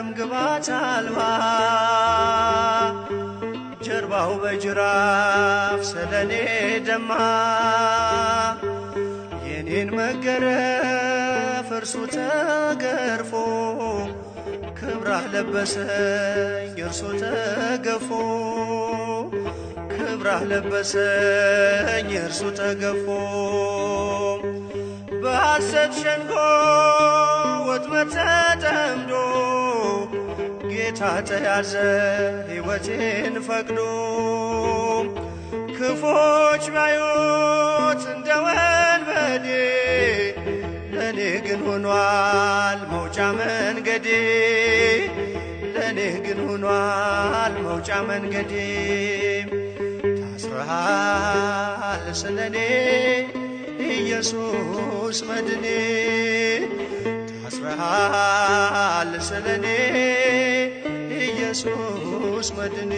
ደም ግባት አልባ ጀርባው በጅራፍ ስለኔ ደማ የኔን መገረፍ እርሱ ተገርፎ ክብራህ ለበሰኝ እርሱ ተገፎ ክብራህ ለበሰኝ እርሱ ተገፎ በሐሰት ሸንጎ ወጥመተ ጌታ ተያዘ ሕይወቴን ፈቅዶ ክፎች ባዩት እንደ ወንበዴ ለእኔ ግን ሆኗል መውጫ መንገዴ ለእኔ ግን ሆኗል መውጫ መንገዴ ታስረሃል ስለኔ ኢየሱስ መድኔ ታስረሃል ስለኔ የሱስ መድኔ